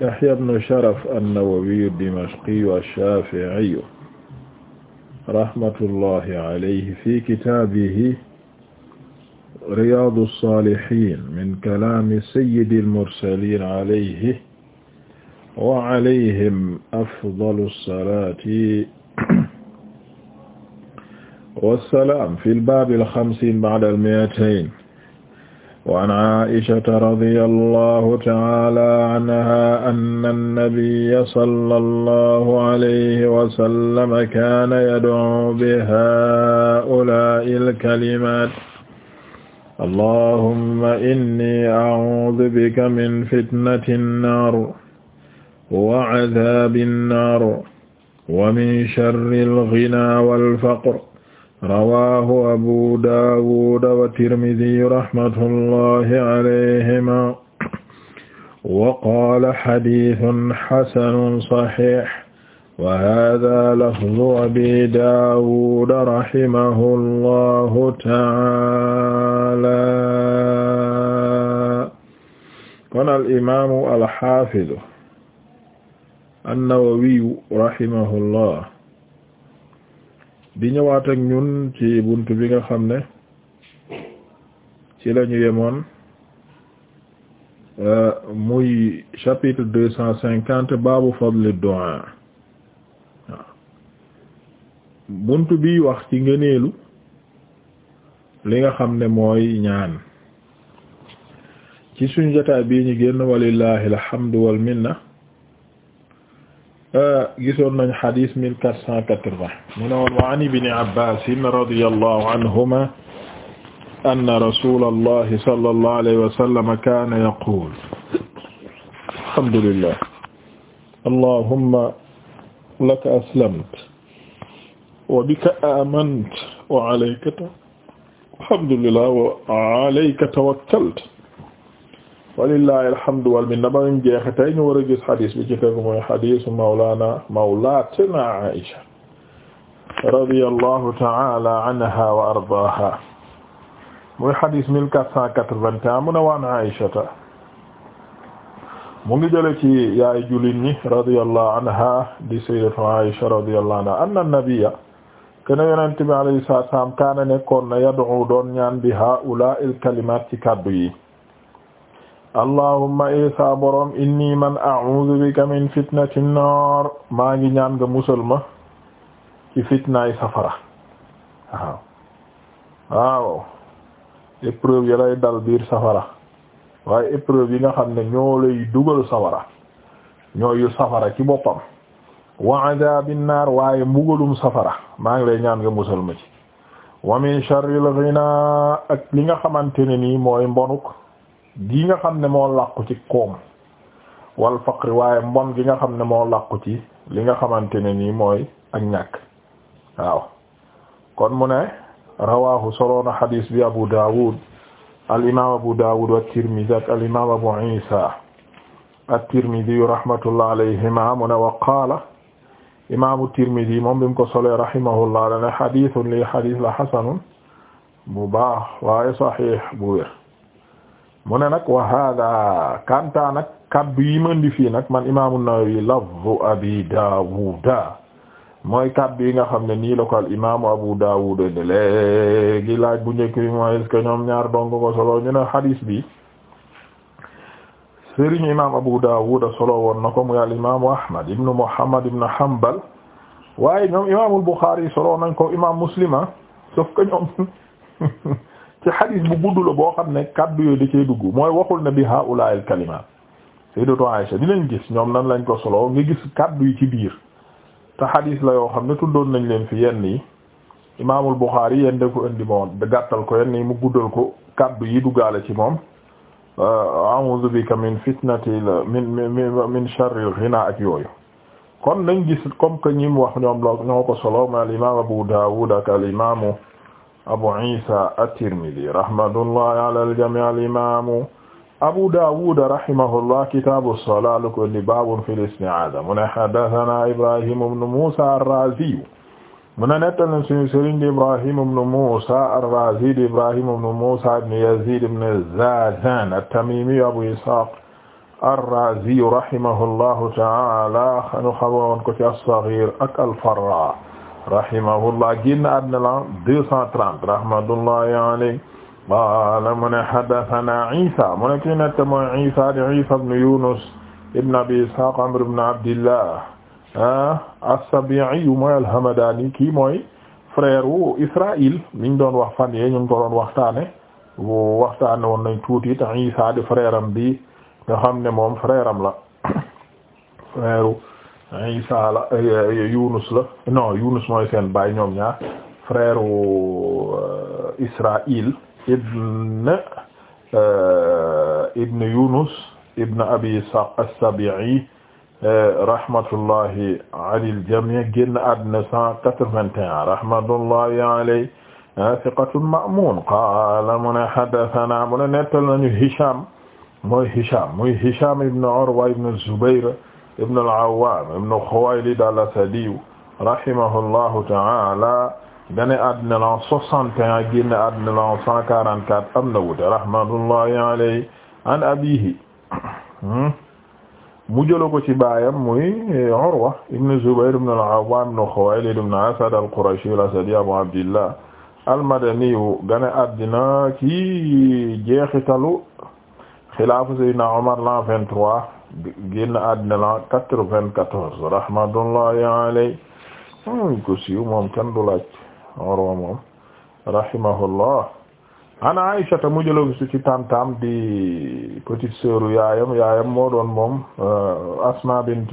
Yahya ibn Sharaf an-Nawawi ad-Dimashqi ash-Shafi'i rahmatullahi alayhi fi kitaabihi Riyaadu s-Saalihiin min kalaami sayyidil mursaliin alayhi wa alayhim afdalu s-salaati wa s-salaam fil baabil xamsiin ba'dal mi'atayn وعن عائشة رضي الله تعالى عنها أن النبي صلى الله عليه وسلم كان يدعو بهؤلاء الكلمات اللهم إني أعوذ بك من فتنة النار وعذاب النار ومن شر الغنى والفقر rawaahu abu daawud wa tirmidiyu rahmatullahi alayhima wa qaala xadiisun xasanun saxiix wa haaza lafzu abi daawud rahimahullahu taala kon al imaamu al xaafidu an-nawawiyu rahimahullah di ñëwaat ak ñun ci bunt bi nga xam ne ci la ñu yemoon euh, muy chapitre cinquante baabu fadli du'a bunt buntu bi wax ci ngëneelu li nga xam ne mooy ñaan ci suñu jotaay bii ñu génn walillahi alhamdu wal minna Euh, gisoon nañ xadis mille quatre cent quatre-vingt mu ne woon wa an ibni abbasin radiyallahu anhuma anna rasulallahi sallallahu alayhi wa sallam kaana yaqul alhamdulillah allahumma laka aslamtu wa bika amantu wa alayka alhamdulillah wa alayka tawakkaltu walillahi alhamdu wal minna ba mu jeexe tey ñu war a gis xadis bi ci tegu mooy xadisu mawlaana mawlaatna Aïsha radiyallahu ta'ala anha wa ardaaha muy xadis mille quatre cent quatre-vingt-un mu ne waan Aïshata mu ngi jële ci yaay jullit ñi radiyallahu anha di sayyidatu Aïsha radiyallahu anha anna nabiyya kene yonent bi alayhi salaam kaana nekkoon na yad'u doon ñaan bi haa'ulaa'i al-kalimaat ci kàddu yi allahumma isa eh, borom inni man a'udhu bika maa ngi ñaan nga musal ma ci fitnaay safara waaw waaw épreuve ya dal biir safara waaye épreuve yi nga xam ne ñoo lay dugal safara ñooyu safara ci boppam wa adabin naar waaye mbugalum safara maa ngi lay ñaan nga musal ci wa min sharril ghina ak li nga xamante ne nii mooy mbonuk gi nga xam ne moo làqu ci koom wal waaye mbon gi nga xam ne moo làqu ci li nga xamante ne nii mooy ak ñàkk waaw kon mu ne rawahu soloona hadis bi Abu Dawud al imam Abu Dawud wa Tirmidhi ak al imam Abu Isa at-Tirmidhi rahmatullah alayhima mu ne wa qaala imaamu Tirmidhi moom bi mu ko solee rahimahullah dane hadithun li hadith la hasanun bu baax waaye sahih bu wér mu ne nag wa hada kanta nag kaddu yi mandi fii nag man imaamu Nawawi lafzu abi daawuda mooy kaddu yi nga xam ne nii la ko al imaamu abu daawuda de léegi laaj bu njëkk bi mooy est-ce ñoom ñaar dong ko solo ñu ne hadis bi sëriñu imaam abu daawuda solo woon na ko muy al imaamu ahmad ibnu muhammad ibnu hanbal waaye ñoom imaamul buxaari solo nañ ko imaam muslima ah sauf que ñoom ci xadis bu gudd la boo xam ne kàdd yooyu da cee dugg mooy waxul na bi haula al kalimaat sayyidatu Aisha dinañ gis ñoom nan lañ ko solo ngi gis kaddu yi ci biir te xadis la yoo xam ne tuddoon nañ leen fi yenn yi imaamul Buxaari yenn de ko indi moom da gàttal ko yenn yi mu guddal ko kaddu yi duggaale ci moom euh, a'uuzu bika min fitnatil min min sharril ghina ak yooyu kon nañ gis comme que ñi mu wax ñoom la ñoo ko solo ma al imaam Abu Daawud ak al imaamu abu isa at-tirmidhi rahmatullahi ala al-jami' al-imam abu dawud rahimahullah kitabu as-salat lu ko li babun fil isti'adha mu ne hadathana ibrahim ibn musa ar-razi mu ne nettali suñu sëriñ di ibrahim ibn musa ar-razi di ibrahim ibn musa ibn yazid ibn zadan at-tamimi abu ishaq ar-razi rahimahullahu ta'ala xanu xawoon ko ci as-saghir ak al-farra rahimahullah génn àddina la 230 rahmatullahi alayhi qaala mu ne haddathana Isa mu ne kii nett mooy Isa di Isa Yunus ibn Abi Ishaq Amr ibn Abdillah ah, as-Sabi'i mooy al-Hamadani kii mooy frère wu Israil doon wax fan yee ñu ngi ko doon waxtaane waxtaane woon nañ tuuti te Isa di frère bi nga xam ne moom frère la frère Isa la eh, eh, Yunus la non Yunus mooy seen baay ñoom ñaar frère euh, ibn euh, ibn ibn Abi Ishaq as-Sabi'i euh, rahmatullahi alal jamii génn àddina cent quatre-vingt-un rahmatullahi alayhi ah, thiqatun ma'mun qaala mu Hisham Hisham muy Hisham ibn Urwa ibn ibn al-Awwam ibn Khuwaylid al-Asadi rahimahullahu ta'ala gane àddina la 61 génn àddina la 144 am na wuute rahmatullahi alayhi an abihi mu jëloon ko ci baayam muy Urwa ibn Zubayr ibn al-Awwam ibn Khuwaylid ibn Asad al-Qurashi al-Asadi Abu Abdillah al-Madani gane àddina ci jeexitalu xilaafu Sayyidina Umar l'an 23 génn àddina la quatre-vingt-quatorze hmm, siiw moom du laaj Urwa moom rahimahullah ana Aysata mu jëloon su ci tantam di petite sœur yaayam yaayam moo doon moom euh, Asma bint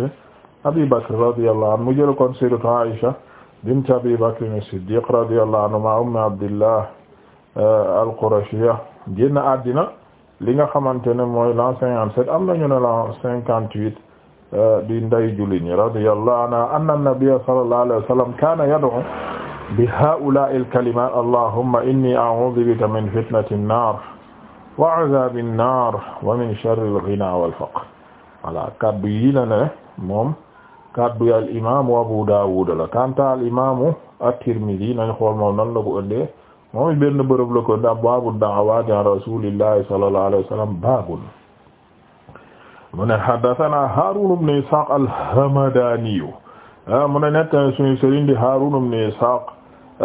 Abi mu jëloon kon sayyidatu Aysa bint Abi Bakr siddiq radiyallahu anhuma ummu Abdillah euh, al-Qurashiyya génn li nga xamante ne mooy l'an cinquante-sept am nañu ne l'an cinquante-huit euh, an-nabiyya sallallahu alayhi wa sallam kana yad'u bi ha'ula'i al-kalimat allahumma inni a'udhu bika min fitnati an-nar wa 'adhabi an-nar wa min sharri al-ghina wal-faqr voilà kaddu yi la ne moom kaddu al-imam Abu Dawud la kanta al-imam at-Tirmidhi nañ xool moom nan la ko ëndee moom it benn bërëb la ko ndax baabu da'awaati an rasuulillahi sallallahu alayhi wa sallam baabun mu ne haddasanaa Haaruun ibn Ishaaq al-Hamdaaniyu ah, mu ne nett suñu sëriñ di Haaruun ibn Ishaaq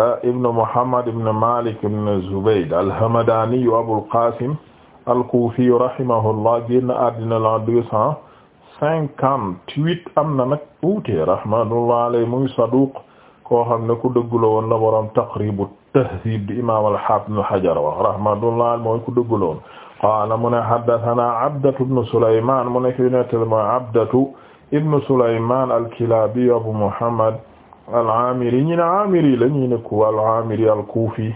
ah, ibn Muhammad ibn Maalik ibn Zubayd al-Hamdaaniyu Abul Qaasim al-Kuufiyu rahimahullah génn àddina la deux cent cinquante-huit am na nag uute rahmatullahi alayhi muy saduuq koo xam ne ku dëggula woon la boroom taqribu tahdib di imam al-hafiz ibn hajar wax rahmatullah mooy ku dëggula woon qaala mu ne haddathana abdatu ibnu sulayman mu ne ki nettal mooy abdatu ibnu sulayman al-kilabi abu muhammad al-amiri ñi ne amiri la ñi ne ku al-amiri al-kufi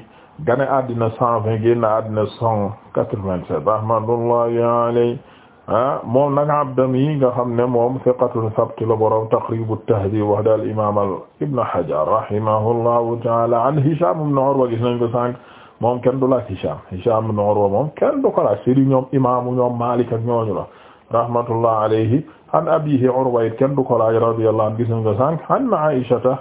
gane àddina cent vingt génn àddina cent quatre-vingt-sept rahmatullahi alayhi ah moom nag abdam yi nga xam ne moom thiqatun sabt la borom taqrib at-tahdhib wax daal imaam al ibn hajar rahimahullahu ta'ala an hisham ibn urwa gis nañ ko sànq moom kenn du laaj hisham hisham ibn urwa moom kenn du ko laaj sëriñ ñoom imaamu ñoom malik ak ñooñu la rahmatullah alayhi an abihi urwa it kenn du ko laaj radiyallahu anhu gis nañ ko sànq an aishata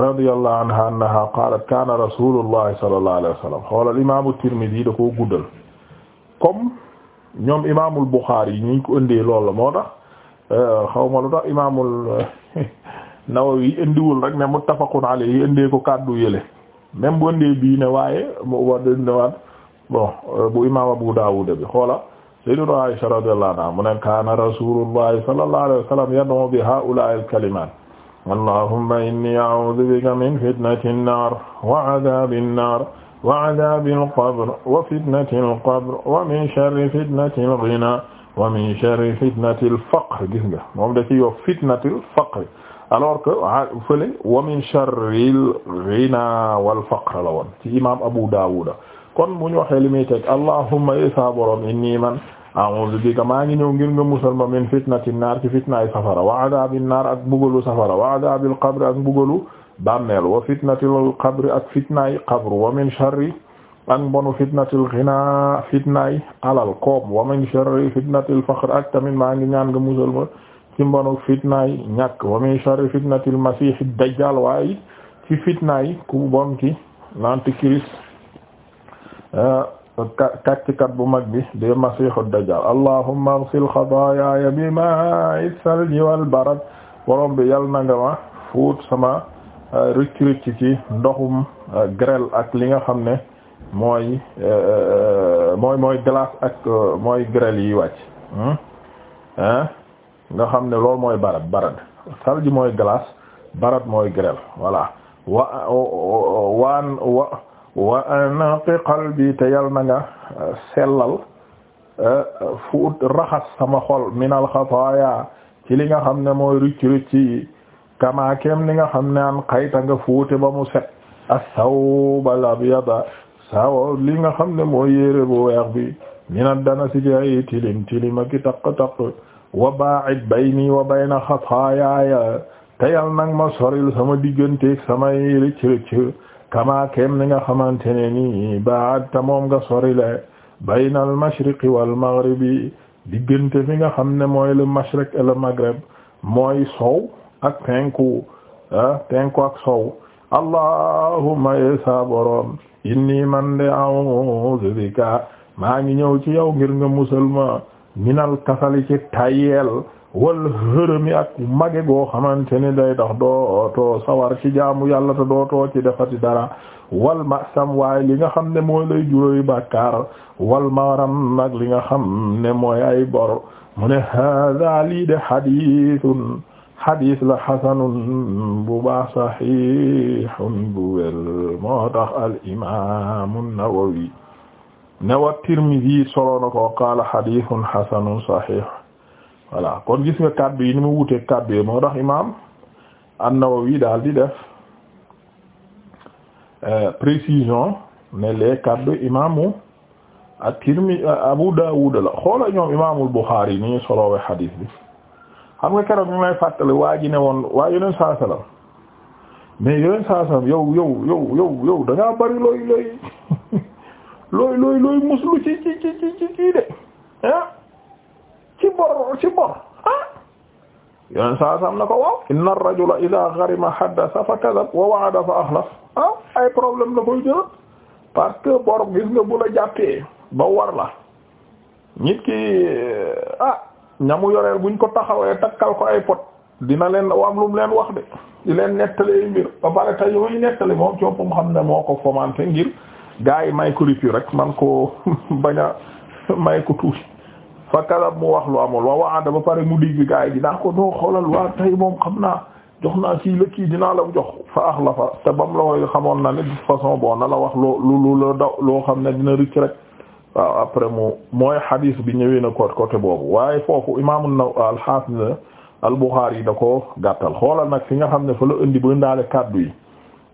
radiyallahu anha annaha qalat kana rasulullah sallallahu alayhi wa sallam xoolal imaamu tirmidhi da ko guddal comme ñoom imaamul Buxaari yi ñu ko indee loolu la moo tax euh, xaw tax imaamul euh, Nawawi indiwul rek ne muttafaqun alayhi indee ko kàddu yële même bu indee bii waaye mu euh, bu imaam Abu Daawud bi xoola sayyidatu Aisha radiyallahu anha mu ne kaana rasuulullahi sallallahu alayhi wa sallam yad'u bi haa'ulaa'i al-kalimaat allahumma inni a'uudu bika min fitnati an-naar wa 'adhaabi wa adaabi alqabr wa fitnati alqabr wa min sharri fitnati alghina wa min sharri fitnati alfaqr gis nga moom da ci yo fitnati alfaqr alors que fële wa min sharri alghina walfaqr la woon ci imam Abu Dawud kon mu ñu waxee li muy teg allahumma isa borom inni man a'udhu bika maa ngi ñëw ngir nga musal ma min fitnati naar ci fitnaay safara wa adaabi naar ak mbugalu safara wa adaabi alqabr ak mbugalu bàmmeel wa fitnatil qabri ak fitnaay qabru wa min sharri ak mbonu fitnatil alal koom wa min sharri fitnatil faqr ak tamit maa ngi ñaan nga musal ma ci wa min sharri fitnatil masiihid dajjal waaye ci fitnaay ku bon ki l'antichrist euh, kàccikat bu mag bi de masiihid dajjal allahumma ighsil khataaya bimaa'is salji wal barad borom bi yal na ma fuut sama Euh, rëcc rëcc ci ndoxum euh, grêle ak li nga xam ne mooy euh, mooy mooy glace ak mooy grêle yi wàcc hmm? hein nga xam ne loolu mooy barad barad salji mooy glace barad mooy grêle voilà wa waan wa wa anaqi qalbi te yal na nga sellal fuut raxas sama xol minal xataaya ci li nga xam ne mooy rëcc rëcc yi kama kem ni nga xam ne an xayta nga fóote ba mu set as-sawbal abyada sawo li nga xam ne mooy yére bu weex bi a dana si ci ay tilim tilima ki taq-taq wa ba'id bayni wa bayna xataayaaya te yal nag ma soril sama digganteeg samay rëcc-rëcc kama kem ni nga xamante ne ni ba'adta moom nga sorile bayna al mashriqi wal maghribi diggante fi nga xam ne mooy le mashriq et maghrib mooy sow ak penku ah, penku ak sow allahumma yesa borom inni man de a'udhu bika maa ngi ñëw ci yow ngir nga musulma minal kasali ci tayel wal hërëmi ak mage goo xamante ni day tax dootoo sawar ci jaamu yàlla te dootoo ci defati dara wal masam waaye li nga xam ne mooy lay juróoy bàkkaar wal maram nag li nga xam ne mooy ay bor mu ne hada de hadithun xadis la xasanun bu baax saxiixun bu wér moo tax al imaamu Nawawi nawa Tirmizi solo na ko qaala xadisun xasanun saxiix voilà kon gis nga kàddu yi ni mu wuteeg kàddu yi moo tax imaam an-Nawawi daal di def euh, précision ne les kàddu imaamu Abu Daawud la xoola ñoom imaamul Buxaari ni solowee xadis bi. am nga keroog ñu lay fàttali waa woon waa yeneen saa salaam mais yow yow yow yow yow da ngaa bari looy looy looy looy looy muslu ci ci ci ci ci ci de ah ci bor ci bor ah yeneen saa na ko waaw inna ar-rajula idha gharima haddatha fa kadhab wa wa'ada fa akhlaf ah ay problème la koy jël parce que bor gis nga bu la jàppee ba war la nit ki ah ñamu yoreel buñ ko taxawee takkal ko ay pot dina leen am lu leen wax de di leen nettalee mbir ba pare te yooyu nettali moom copp mu xam ne moo ko fomenté ngir gaa yi may ko rippi rek man ko bañ may ko tuuti fa kadab mu wax lu amul wa waada ba pare mu digg gaa yi dinaa ko doo xoolal waa tey moom xam naa jox naa kii la kii dinaa la jox fa axlafa te bam la koy xamoon na ne de boo na la wax loo lu lu la daw loo xam ne dina rëcc rek waaw après mu mooy hadis bi ñëwee na côté côté boobu waaye foofu imaamu na al-Hafiz al-Bukhari yi da ko gàttal xoolal nag fi nga xam ne fa la indi bu ndaale kaddu yi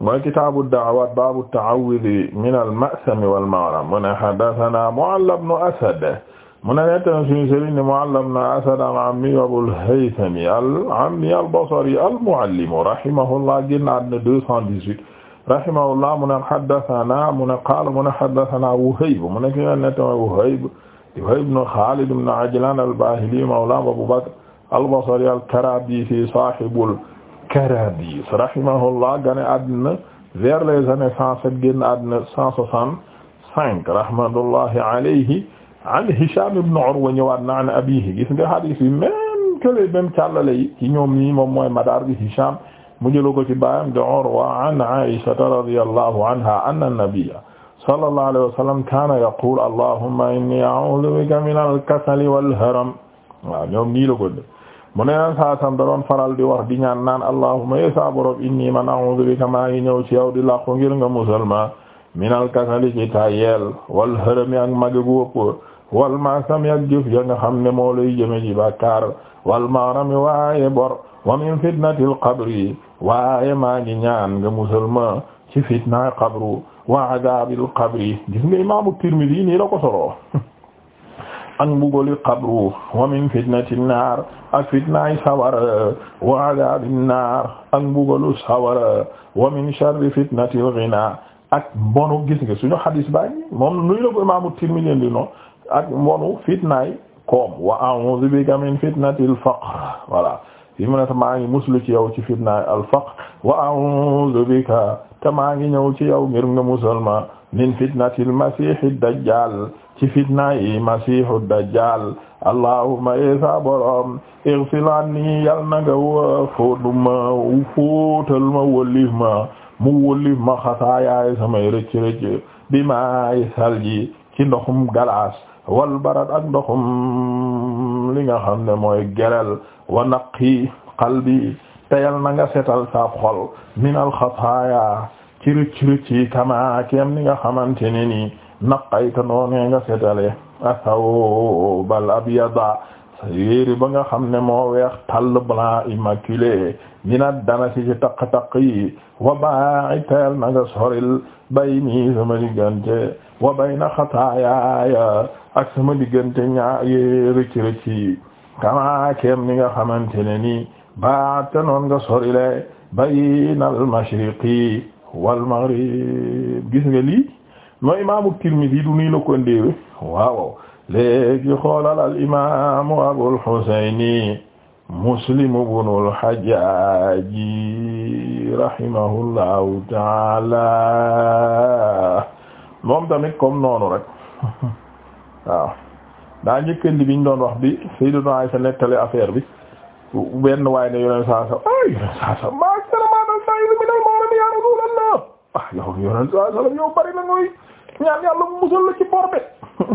mooy kitaabu da'awaat baabu ta'awwudi min al-ma'sam wal-ma'ram mu ne haddathana Mu'alla ibn Asad mu ne nettana suñu sëriñ ne Mu'alla ibn Asad al-Ammi Abul Haythami al-Ammi al-Basri al-Mu'allim rahimahullah génn àddina rahimahullah mu ne haddathana mu ne qaala mu ne haddathana Wuhayb mu ne ki nga ne tamit Wuhayb Wuhayb ibn Khalid ibn Ajlan al-Bahili mawla Abu Bakr al-Basri al-Karabisi sahibul Karabis rahimahullah gane àddina vers les années cent sept génn àddina cent soixante cinq rahmatullahi alayhi an Hisham ibn Urwa ñëwaat na an abihi gis nga hadith yi même que les mêmes càllale yi ci ñoom ñii moom mooy madaar bi Hisham mu jëlo ko ci baayam de Urwa an Aishata radiyallahu anha anna an-nabiyya sallallahu alayhi wa sallam kaana yaqulu allahumma inni bika min al wal haram waaw ñoom nii la ko de mu ne naan saa sam faral di wax di ñaan naan allahumma ya sa borom inni man a'udhu bika maa ngi ñëw ci yow di làqu ngir nga musulma min al-kasali ci tayel wal harami ak mage gu wëpp wal maasami ak jëf ya nga xam ne moo lay jëme ci bàkkaar wal maarami waaye bor wa min fitnatil qabri waaye maa ngi ñaan nga musulma ci fitna qabru wa adabil qabri gis nga imaamu Tirmidhi nii la ko solo ak mbugali qabru wa min fitnati naar ak fitnaay sawara wa adabin naar ak mbugalu sawara wa min sharri fitnatil ghina ak mbonu gis nga suñu xadis baa ngi moom nuyu la ko imaamu Tirmidhi di no ak mbonu fitnaay koom wa a'udhu bika min fitnatil faqr voilà fi maa ngi muslu ci yow ci fitnaay alfaq wa a'udhu bika te maa ngi ñëw ci yow ngir nga musalma min fitnatil masihi dajjal ci fitnaay masihu dajjal allahumma esa eh borom ighfir anni yal na nga fóotu ma fóotal ma wëllif ma mu wëllif ma xasaayaay samay rëcc rëcc bi maay salji ci ndoxum galaas wal barad ak ndoxum li nga xam ne mooy gerel wa naqi qalbi teyal na nga setal sa xol minal xataaya ci rëcc rëcc kama kem ni nga xamante ne ni naqayta noone nga setale athawbal abyada yére ba nga xam ne moo weex tall blanc immaculé dina dana ci ci taq-taq yi wa baiteel na nga soril bay nii sama diggante wa bay na xataayaaya ak sama diggante ñaa rëcc rëcc yi kamaakeem ni nga xamante ne ni baate noon nga sorile bayna al mashriqi wal maghrib gis nga lii mooy imaamu Tirmidhi du nii la ko ndeewe waaw léegi xoolal al imaamu abul xusayni muslim ibnul xajjaaji rahimahullahu taala moom tamit comme noonu rek waaw daa njëkkandi biñ doon wax bi Sayyidatu Aysa nettali affaire bi benn waay ne yoneen saa sa ay yoneen saa sa ma saramaana sa'idu minal maghrib ya rasulallah ah ñaan yàlla mu musal la ci bor bi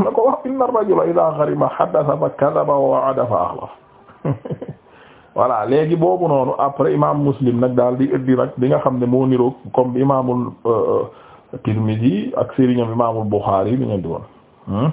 na ko wax inna rajula idha gharima haddatha fa kadhaba wa wa'ada fa akhlafa voilà léegi boobu noonu après imam muslim nag daal di ëddi nag bi nga xam ne moo niroog comme imamul euh, tirmidhi ak sëriñam imamul bukhari bi ñu di woon hmm?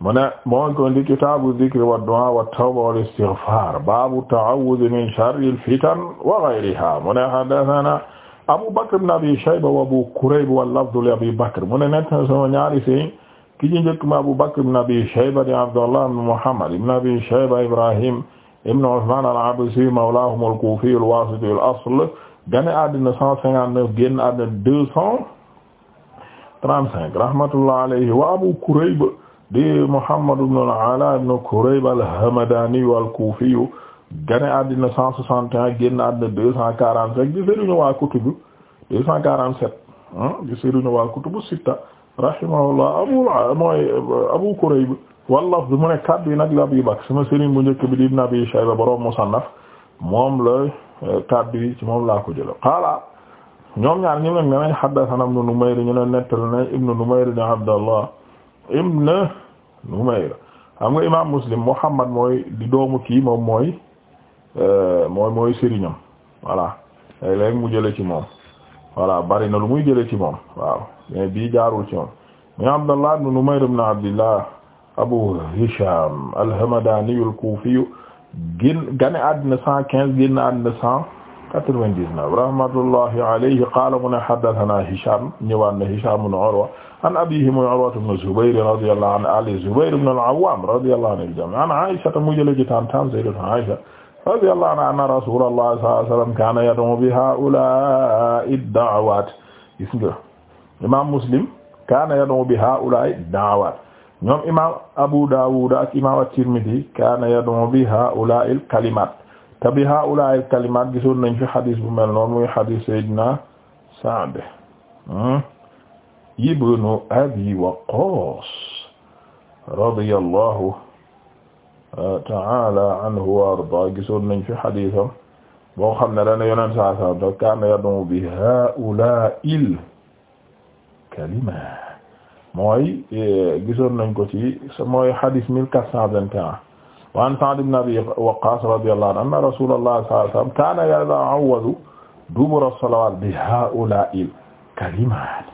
mu ne moo ko di kitaabu dhikri wa du'a wa tawba wal istighfar babu ta'awudh min sharri al fitan wa ghayriha mu ne hadathana Abu Bakr ibn Abi Shayba wa Abu Kurayb wal lafdu li Abi Bakr mu ne net sama ñaari sëriñ ki ñu njëkk ma Abu Bakr ibn Abi Shayba di Abdullah ibn Muhammad ibn Abi Shayba Ibrahim ibn Usman al-Absi mawlahum al-Kufi al-Wasiti al-asl gane àddina 159 génn àddina 235 rahmatullah alayhi wa Abu Kurayb di Muhammad ibn al-Ala ibn Kurayb al-Hamadani wal-Kufi gane àddina cent soixante et un génn àddina deux cent quarante rek di sëriñu waa kutubu deux ah, sitta rahimahullah abu mooy abu kurayb wallaf bi mu ne kaddu yi nag la abi bakr sama sëriñ bu njëkk bi di ibn abi shayba borom musannaf moom la eh, kaddu yi ci moom laa ko jël qaala ñoom ñaar ñu nag ne nañ haddathana ibn numayr ñu ne nettal na ibn numayr ni abdallah ibn numayr xam nga imam muslim muhammad mooy di doomu kii moom mooy Euh, mooy mooy sëriñam voilà léeg-léeg mu jële ci moom voilà bari na lu muy jële ci moom waaw mais bii jaarul ci moom muy Abdallah ibn Numayr ibn Abdillah Abu Hisham al-Hamadani al-Kufi gin gane àddina cent quinze génn àddina cent quatre-vingt-dix-neuf rahmatullahi alayhi qaala mu ne haddathana Hisham ñëwaan na Hisham ibn Urwa an abiihi muy Urwa ibn Zubayr radiyallahu anhu ali Zubayr ibn al-Awwam radiyallahu anil jami' an Aisha mu jële ci tantam Sayyidatu Aisha radiyallahu anhu anna rasulullah sallallahu alayhi wasallam kana yad'u bi ha'ula'i da'awat gis nga imam muslim kana yad'u bi ha'ula'i da'awat ñoom imam abu dawud ak imam at-tirmidhi kana yad'u bi ha'ula'i al-kalimat te bi ha'ula'i al-kalimat gisoon nañ fi hadith bu mel noonu muy hadith sayyidina sa'd hmm? ibnu abi waqqas radiyallahu taala anhu wa arda gisoon nañ fi xadisam boo xam ne dana yonent saa salam da kaana yadumu bi haula'il kalima mooy e, gisoon nañ ko ci mooy xadis mille quatre cent vingt et un wa an Sa'd ibn Abi Waqqas radiyallahu anhu anna rasulullah sallallahu alayhi wasallam kaana yata'awwadu dubura as-salawat bi haula'il kalimat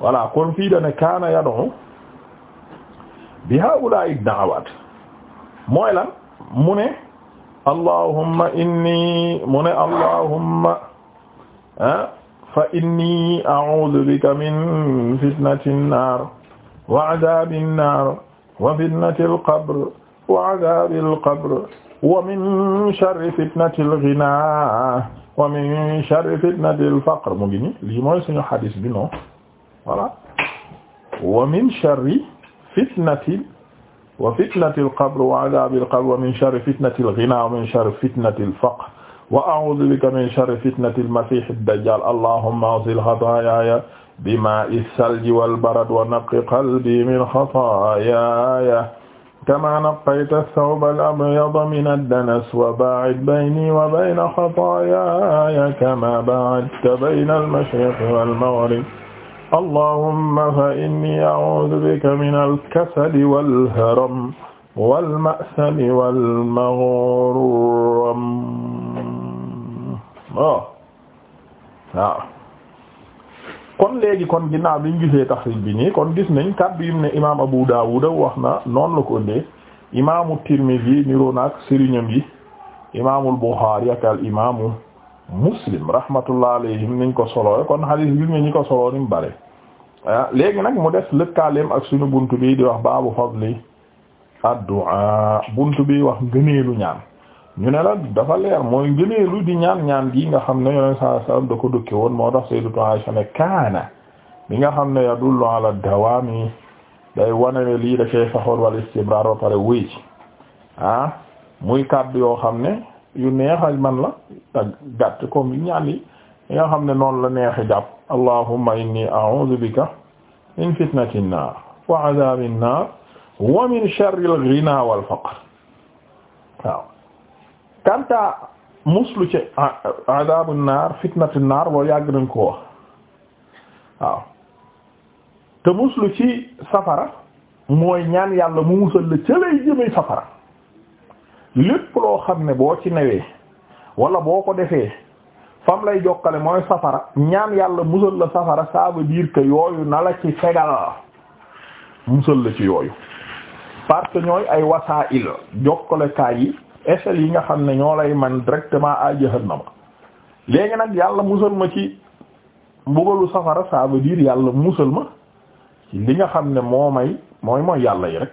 voilà kon fii dane kaana yad'u bi haula'id da'awat mooy lan mu ne allahumma inni mu ne allahumma ah fa inni a'udhu bika min fitnati an-nar wa 'adhabi an-nar wa fitnati al-qabr wa 'adhabi al-qabr wa min sharri fitnati al-ghina wa min sharri fitnati al-faqr mu ngi ni lii mooy suñu hadis bi non voilà wa min sharri fitnati wa fitnatil qabr wa adaabil qabr wa min sharri fitnatil ghinaa wa min sharri fitnatil faqr wa a'uuzu bika min sharri fitnatil masiihid dajjaal allahumma ghsil xataayaaya bimaa'i salji wal barad wa naqqi qalbii min xataayaaya kamaa naqqayta as-sawbal abyada minad danas wa baa'id baynii wa bayna xataayaaya kamaa baa'adta baynal mashriqi wal maghrib allahumma fa inni a'uudu bika minal kasali wal haram wal ma'sami wal maghram oh. waaw kon léegi kon ginnaaw bi ñu gisee taxrij bi kon gis nañ kàddu yim ne imaam Abu Daawud wax na noonu la ko indee imaamu Tirmidhi niroo na ak sëriñam yi Buxaari ak al imaamu. muslim rahmatullah alayhim niñ ko soloowe kon hadis gis nga ñi ko soloo ni mu bare ah, léegi nag mu des lëkkaaleem ak suñu bunt bi di wax baabu fadli addu'a bunt bi wax ngëneelu ñaan ñu ne la dafa leer mooy ngëneelu di ñaan ñaan gi nga xam ne yoneen saa sallam da ko dëkke woon moo tax Sayyidatu sa ne kaana bi nga xam ne yadullu ala dawaami day wane ne lii da koy saxoon wal istibraar ba pare wuy ci ah, muy kàddu yoo xam ne yu neexal man la ak gàtt comme ñaan yi nga xam ne noonu la neexi jàpp allahumma inni a'udhu bika min fitnati an wa 'adhabi an wa min sharri al-ghina wal faqr waaw kanta muslu ci adabu naar fitnati naar loolu yàgg nañ ko wax waaw te muslu ci safara mooy ñaan yàlla mu musal la ca lay jëmee safara lépp loo xam ne boo ci newee wala boo ko defee fam lay jokkale mooy safara ñaan yàlla musal la safara ça veut dire que yooyu na la ci fegal musal la ci yooyu parce que ñooy ay wasaa'il jokkalekaay yi échelles yi nga xam ne ñoo lay man directement à jahannama léegi nag yàlla musal ma ci mbugalu safara ça veut dire yàlla musal ma li nga xam ne moo may mooy mooy yàlla yi rek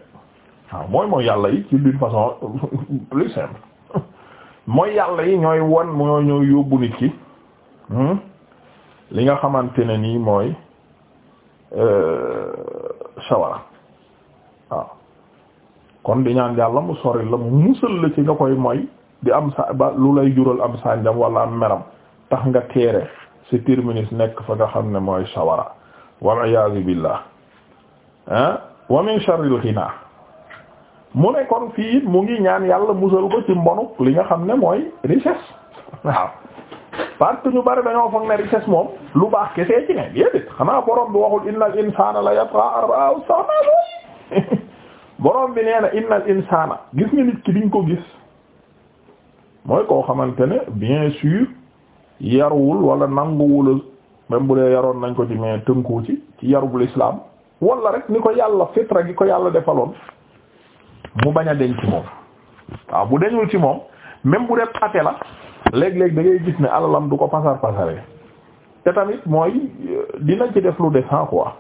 waaw mooy moo yàlla yi ci d'une façon mooy yàlla yi ñooy won moo ñooy yóbbu nit ki hmm? li nga xamante ne nii mooy euh, sawara waaw kon di ñaan yàlla mu sori la mu musal la ci nga koy mooy di am sa ba lu lay jural am sànjam wala am meram tax nga teere si terminus nekk fa nga xam ne mooy sawara wal iyaazu billah ah wa min sharril ghina mu ne kon fii mu ngi ñaan yàlla musal ko ci mbonu li nga xam ne mooy richesse waaw parce ñu bari dañoo foog ne richesse moom lu baax ke ci ne déedéet xanaa borom bi waxul innal insaana la yatgha an ra'ahu bi nee na innal insaana gis nga nit ki diñ ko gis mooy koo xamante ne bien sûr yarwul wala nanguwul même bu dee yaroon nañ ko ci mais tënku ci ci yarul islam wala rek ni ko yàlla fitra gi ko yàlla defaloon. mu bañ a deñ ci moom waaw bu deñul ci moom même bu dee pate la léeg-léeg da gis ne alalam du ko pasar pasaree te tamit mooy euh, dina ci def lu décent quoi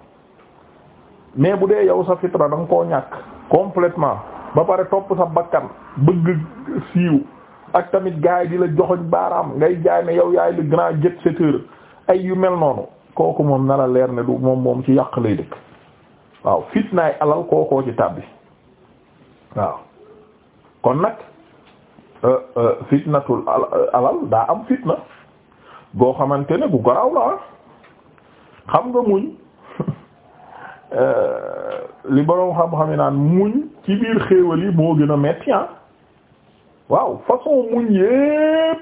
mais bu dee yow sa fitra da koo ñàkk complètement ba pare topp sa bakkan bëgg siiw ak tamit gars yi di la joxoñ baaraam ngay jaay ne yow yaay le grand jet-setteur ay yu mel noonu kooku moom na la leer ne du moom moom ci yàq lay dëkk waaw fitnaay alal kookoo ci tàbbi waaw kon nag euh, euh, fitnatul alal daa am fitna boo xamante ne bu garaaw la ah. xam nga muñ euh, li boroom xam-xam yi naan muñ ci biir xéewal yi moo gën a metti ah. waaw façon muñ yépp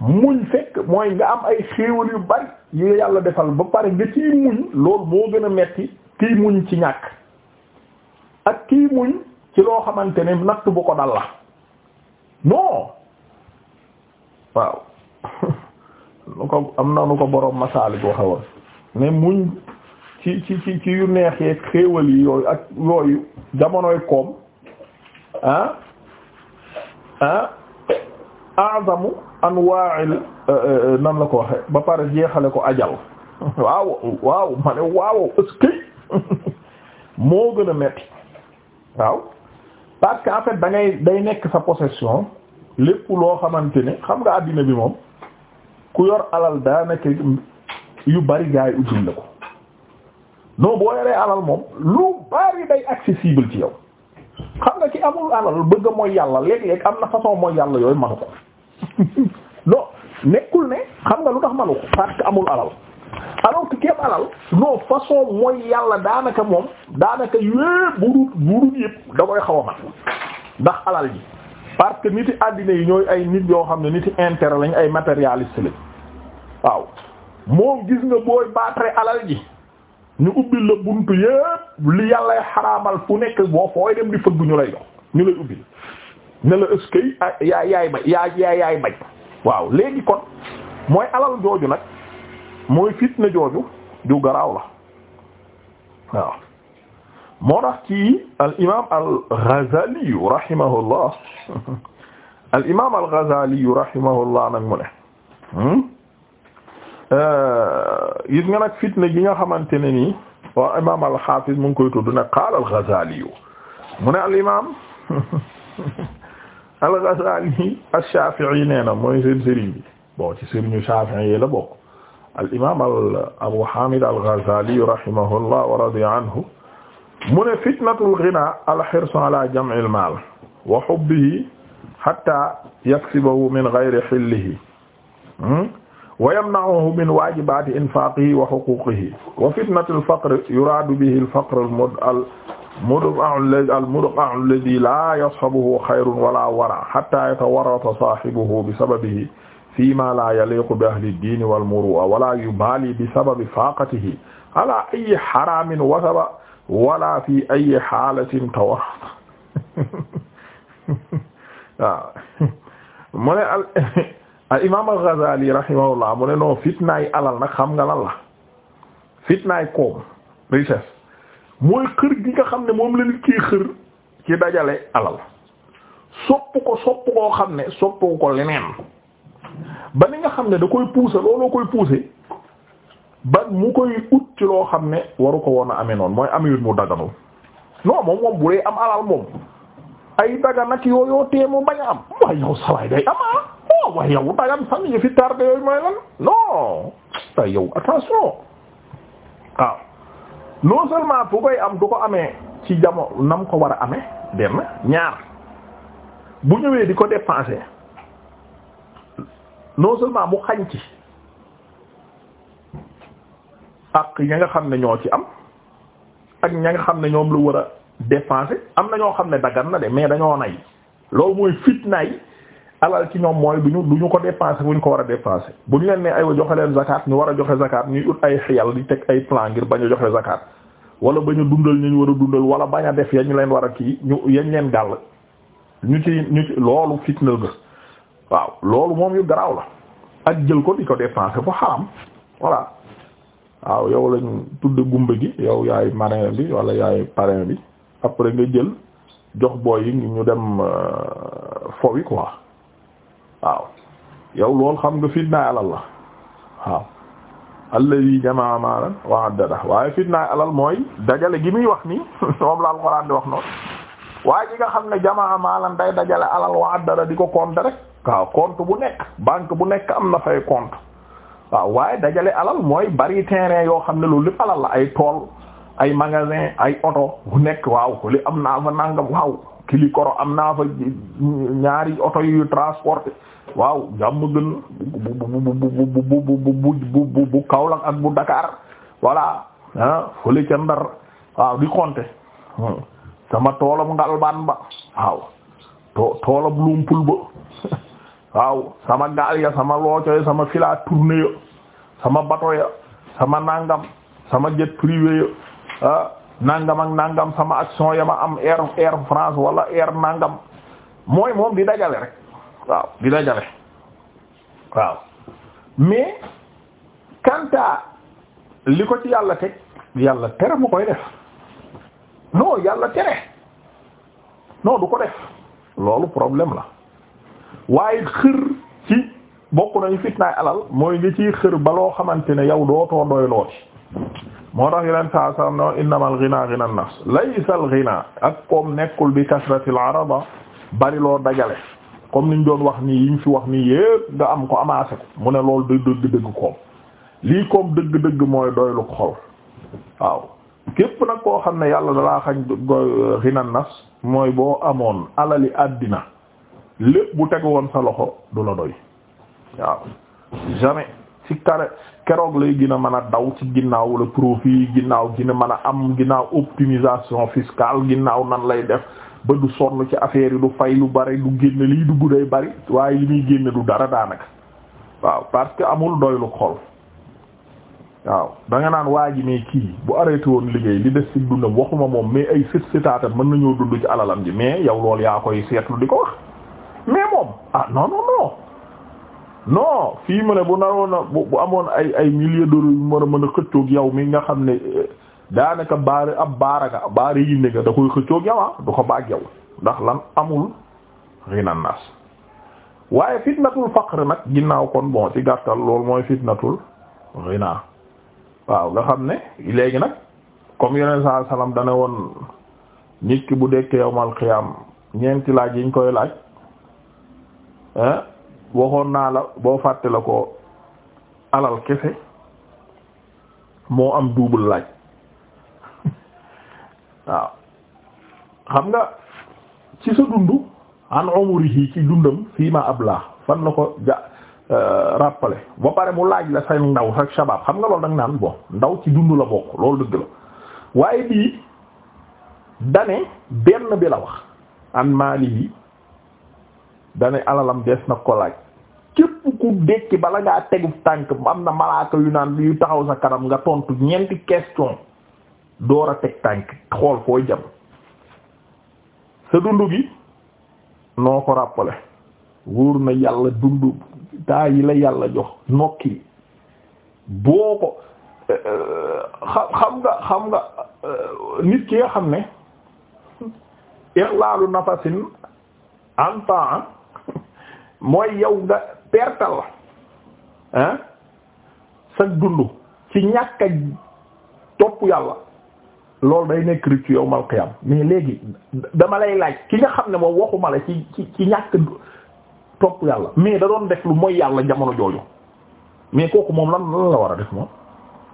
muñ fekk mooy nga am ay xéewal yu bari yu yàlla defal ba pare nga ciy muñ loolu moo gën a metti kiy muñ ci ñàkk ak kiy muñ ci loo xamante ne natt bu ko dal la non waaw nu ko am na nu ko boroom masaali boo xewoon mais muñ ci ci ci ci yu neexee xéewal yi yooyu ak yooyu jamonoy koom ah ah a'zamu anwa'il eh, eh, eh, nan la ko waxe ba pare jeexale ko ajal waaw waaw ma waaw est-ce moo gën a metti waaw parce que en fait da ngay day nekk sa possession lépp loo xamante ne xam nga àddina bi moom ku yor alal daa nekk yu bari gaa yi uddil la ko non boo yoree alal moom lu bari day accessible ci yow xam nga ki amul alal bëgg a mooy yàlla léeg-léeg am na façon mooy yàlla yooyu manu ko non nekkul ne xam nga lu tax manu ko parce que amul alal alors que képp alal non façon mooy yàlla daanaka moom daanaka yépp budut budut yëpp da koy xaw a ndax alal ji parce que nit niti àddina yi ñooy ay nit yoo xam ne niti intérêt lañ ay matérialiste lañ waaw moom gis nga booy baatre alal ji ñu ubbil la buntu yépp li yàllay xaraamal fu nekk boo fooy dem di fëgg ñu lay jox ñu lay ubbi ne la ëskey yaay yaay ba yaay yaay bañ waaw léegi kon mooy alal jooju nag mooy fitna jooju ju garaaw la waaw moo tax ci al imaam al Ghazali rahimahullah al mu ne hmm? euh, gis nga nag fitna gi nga xamante ne ni waaw imaam al mu ngi koy tudd nag qaala al Ghazali mu ne al imaam al Ghazali al Shafi'i nee na mooy seen sëriñ bi bon ci sëriñu Shafi'i yi la bokk. al imaam al abu hamid al ghazali rahimahullah wa radiya anhu mu ne fitnatul ghina al hirsu ala jam'il maal wa hubbihi hatta yaksibahu min ghayri hillihi hmm, wa yamna'uhu min waajibati infaaqihi wa huquuqihi wa fitnatul faqr yuraadu bihi al faqr al mudqa'u alladhi laa yashabuhu khayrun wa laa wara' hatta yatawarrata saahibuhu bi sababihi fiima la yaliqu bi ahli diini wal muru'a wala yubaali bi sababi faaqatihi ala ayi haraamin wasaba wala fi ayi haalatin tawarrata waaw mu al imaam al Ghazali rahimahullah mu ne noo fitnaay alal nag xam nga lan la fitnaay koom richesse mooy xër gi nga xam ne moom la nit kii xër ci dajale alal sopp ko sopp koo xam ne sopp ko leneen ba ni nga xam ne da koy pousser looloo koy pousser ba mu koy ut ci loo xam ne waru ko woon a amee noon mooy amewut mu daganul non moom moom bu dee am alal moom ay dagan ak yooyoo tee mu bañ am waaye day am waaye yow ah. dagan fan yi fi tardé yooyu mooy lan non waaye yow attention waaw non seulement bu koy am du ko amee ci jamo nam ko war a amee benn ñaar bu ñëwee di ko dépenser non seulement mu xañ ci ak ña nga xam ne ñoo ci am ak ña xam ne ñoom lu war a dépenser am na ñoo xam ne dagan na de mais dañoo nay loolu mooy fitnaay alal ci ñoom mooy bu ñu du ñu ko dépenser bu ñu ko war a dépenser bu ñu leen ne ay joxe leen zakat ñu war a joxe zakat ñuy ut ay xiyal di teg ay plan ngir bañ a joxe zakat wala bañ a dundal ñu war a dundal wala bañ a def ya ñu leen war a kii ñu yañ leen gàll ñu ci ñu ci loolu fitna ga waaw loolu moom yu garaaw la ak jël ko di ko dépenser fu xaram voilà waaw yow lañu tudd gumba gi yow yaay marin bi wala yaay parrain bi après nga jël jox booy yi ñu dem euh, fowi quoi waaw yow loolu xam nga fitnaay alal la waaw alladi jamaa maalan wa addada waaye fitnaay alal mooy dajale gi muy wax nii moom la alxuraan di wax noonu waaye gi nga xam ne jamaa maalan day dajale alal wa addala di ko compte rek waaw compte bu nekk banque bu nekk am na fay compte waaw waaye dajale alal mooy bari terrain yoo xam ne loolu lépp alal la ay tool ay magasin ay oto bu nekk waaw ko li am naa fa nangam waaw kili koro am naa fa ñaari oto yu transporté waaw jàmm gën bu bu bu bu bu bu Kaolack ak bu Dakar voilà ah fële ca Ndar waaw di compter sama toolam ngalbaan ba waaw to toolam lumpul ba waaw sama gaal ya sama looco ya sama fila tourné ya sama bato ya sama nangam sama jet privé ya ah, nangam nangam sama action ya ma am air air France wala air nangam mooy moom di dajale rek waaw di dajale waaw mais quant à li teg yàlla tere koy def non yàlla tere non du ko def loolu problème la waaye xër ci bokk nañu fitnaay alal mooy nga ciy xër ba loo xamante ne yow dootoo doy looti moo tax yeneen saa saa no innamal ghina ghina an-nafs laysa al-ghina ak koom nekkul bi kasratil araba bari loo dajale comme niñ doon wax nii yiñ fi wax nii yépp nga am ko amaase ko mu ne loolu du dëgg-dëgg koom lii koom dëgg-dëgg mooy doylu xol waaw képp nag koo xam ne yàlla dalaa xañ go euh, xinan nas mooy boo amoon alali àddina lépp bu tegu woon sa loxo du la doy waaw jamais ci kare keroog lay gën a mën a daw ci ginnaaw wala profit ginnaaw gina a mën a am ginnaaw optimisation fiscale ginnaaw nan lay def ba du sonn ci affaire yi du fay lu bari du génn lii dugg day bari waaye li muy génn du dara daanaka waaw parce que amul doylu xol waaw da nga naan waa ji ne kii bu arrêté woon liggéey li des ci dundam waxuma moom mais ay sët sëtaatam mën nañoo dund ci alalam ji mais yow loolu yaa koy seetlu di ko wax mais moom ah non non non fii mu ne bu naroon a bu amoon ay ay milliers d'euros yu war a mën a xëccoog yow mi nga xam ne eh, daanaka baari ab baaraga baari yi ne nga da koy xëccoog yow ah, du ko baag yow ndax lan amul rinan nas waaye fitnatul faqr nag ginnaaw kon bon ci gàttal loolu mooy fitnatul waaw nga xam ne léegi nag comme yeneen saa salaam dana woon nit bu dekkee yawmal qiyaam ñeenti laaj yiñ koy laaj waxoon naa la boo fàtte la ko alal kese moo am double laaj waaw xam nga ci sa dund an umrihi ci dundam fii ma abla fan la ko ja Euh, rappelé ba pare mu laaj la sa ndaw sa shabab xam nga loolu da naan bon ndaw ci dund la bokk loolu dëgg la waaye bii dane benn bi la wax an maali yi dane alalam des na ko laaj képp ku dekki bala ngaa tegu tànk am na malaaka yu naan yu taxaw sa kanam nga tontu ñeenti question door a teg tànk xool fooy jam sa dund gi noo ko rappelé wóor na yàlla dund taa yi la yàlla jox nokki boo ko euh, euh, xam nga xam nga euh, nit ki nga xam ne ixlaalu nafasin en temps mooy yow nga pertal ah sa dund ci ñàkk a topp yàlla loolu day nekk rëccu yow mal mais léegi dama lay laaj ki nga xam ne moom waxuma la ci ci ci ñàkk topp yàlla mais da doon def lu mooy yàlla jamono jooju mais kooku moom lan lan la war a def moom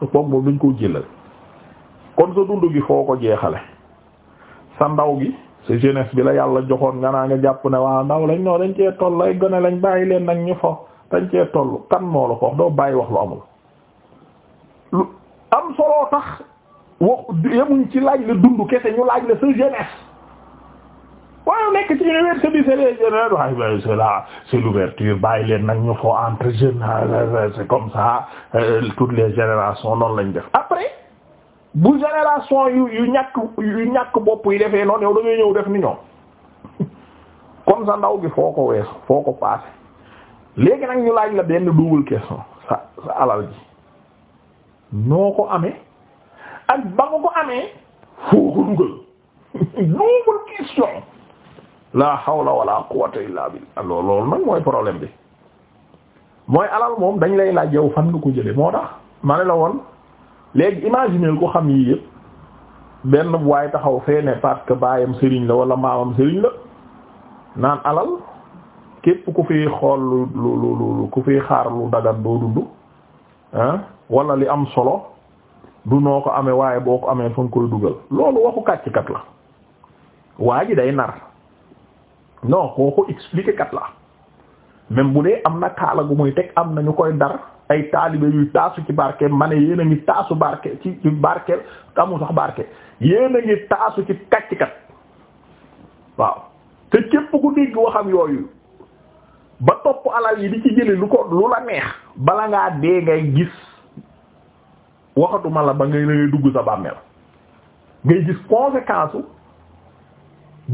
kooku moom dañ koo jëlal kon sa dund gi foo ko jeexale sa ndaw gi sa jeunesse bi la yàlla joxoon nga naa nga jàpp ne waa ndaw lañ noo dañ cee toll ay gone lañ bàyyi leen nag ñu fo dañ cee toll kan moo la ko doo bàyyi wax lu amul lu am solo tax wax yemuñ ci laaj la dund kese ñu laaj la sa jeunesse waaye nekk ci université c'est les jeunes waaye bàyyi leen nag ñu foo entre jeunes ah, ah, ah, c'est comme ça euh, toutes les générations noonu lañ def après bu génération yu yu ñàkk yu ñàkk bopp yi defee noonu yow dañoo ñëw def ni ñoom comme ça ndaw gi foo ko weesu foo ko passé léegi nag ñu laaj la benn double question sa sa alal ji noo ko amee ak ba nga ko amee foo ko dugal double question la xaw la quwwata illa billah loolu nag mooy problème bi mooy alal moom dañ lay laaj yow fan nga ko jële moo tax ma ne la woon léegi imaginer ko xam yii yëpp benn waaye taxaw fee ne parce que baayam sëriñ la wala maamam sëriñ la naan alal képp ku fi xool lu lu lu ku fi xaar lu dagan doo dund ah wala li am solo du noo ko amee waaye boo ko amee fa nga koy dugal loolu waxu kàcc la waa ji day nar. non kooku expliqué kat la même bu dee am na kaala muy teg am na ñu koy dar ay taalibe yuy taasu ci barke ma ne yéen a ngi taasu barke ci ci barke amul ci kàcc kat waaw te képp ku dégg waxam yooyu ba topp alal yi di ci jële lu ko lu la neex bala ngaa dee ngay gis waxatuma la ba ngay dugg sa bàmmeel ngay gis conséquence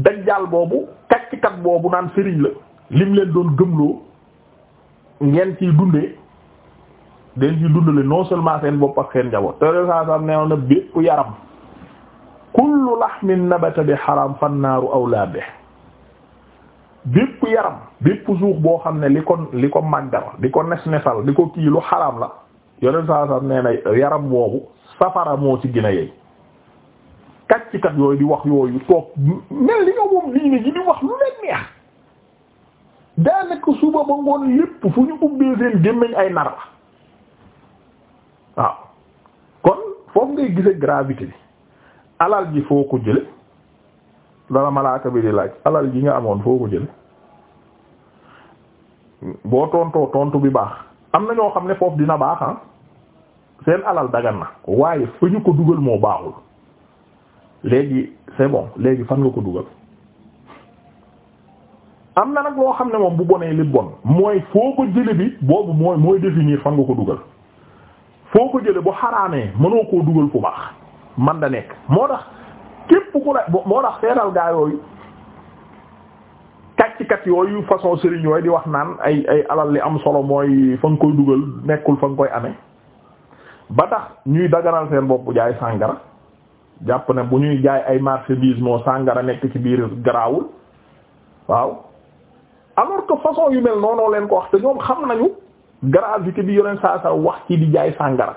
dajjaal boobu kàcckat boobu naan sëriñ la lim leen doon gëmloo ngeen ciy dundee ngeen ciy dundale non seulement seen bopp ak seen njaboot. te loolu saa saa neew na bépp yaram kullu lahmin bépp yaram boo xam ne li ko li ko màggal di ko nes nesal di ko kii lu xaraam la yoneen saa saa nee na yaram boobu safara moo ci gën a kat yooyu di wax yooyu toog mel li nga moom diine ji di wax lu leen neex daanaka suba ba ngoon lépp fu ñu ubbee seen gémmiñ ay nar la waaw kon foofu ngay gise gravité bi alal ji foo ko jële dala malaaka bi di laaj alal ji nga amoon foo ko jële boo tontoo tontu bi baax am na ñoo xam ne foofu dina baax ah seen alal dagan na waaye fa ñu ko dugal moo baaxul léegi c'est bon léegi fan nga ko dugal am na nag loo xam ne moom bu bonee li bon mooy foo ko jële bi boobu mooy mooy définir fan nga ko dugal foo ko jële bu xaraamee mënoo koo dugal fu baax man da nekk moo tax képp ku la moo tax seetal gaa yooyu kàccikat yooyu façon sëriñ yooyu di wax naan ay ay alal li am solo mooy fa nga koy dugal nekkul fa koy ame ba tax ñuy daganal seen bopp jaay sàngara jàpp na bu ñuy jaay ay marchandises moo sàngara nekk ci biir garaawul waaw alors que façon yu mel noonu leen ko wax te ñoom xam nañu gravité bi yoneen saa saa wax ci di jaay sàngara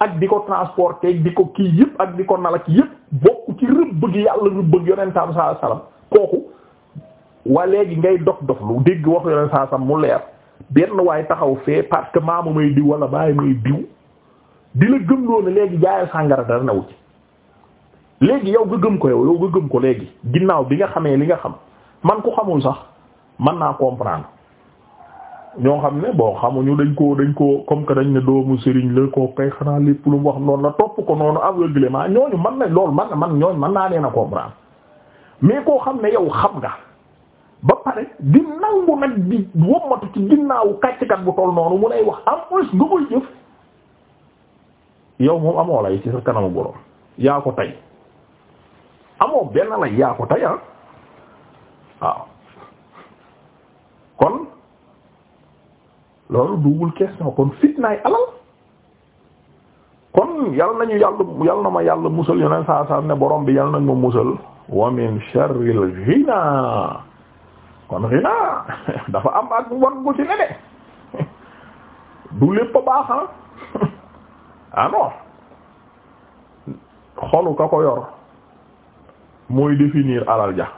ak di ko transporter di ko kii yëpp ak di ko nalak yëpp bokk ci rëbb gi yàlla rëbb yoneen tam kooku waa léegi ngay dof dof lu dégg wax yoneen saa mu leer benn waaye taxaw fee parce que maamu may diw wala baay may diw di la gëmloo ne léegi jaayal sàngara dara newu ci léegi yow ga gëm ko yow yow gëm ko léegi ginnaaw bi nga xamee li nga xam man ku xamul sax man naa comprendre ñoo xam ne bon xamuñu dañ koo dañ koo comme que dañ ne doomu sëriñ la koo kay xanaa lépp lu mu wax noonu la topp ko noonu aveuglement ñooñu man nañ loolu man man ñooñu mën naa leen a comprendre mais koo xam ne yow xam nga ba pare di nangu nag di wommatu ci ginnaawu kàccikat bu toll noonu mu yow moom amoo lay ci sa kanamu borom yaa ko tay amoo benn lay yaa ko tay ah waaw kon loolu duubul question kon fitnaay alal kon yal nañu yàlla yal na ma yàlla musal yoneen saa saa ne borom bi yal nañ ma musal wa min sharril ghina kon ghina dafa am ak wan gu ci ne de du lépp baax ah. ah xolu ka ko yor mooy définir alal ja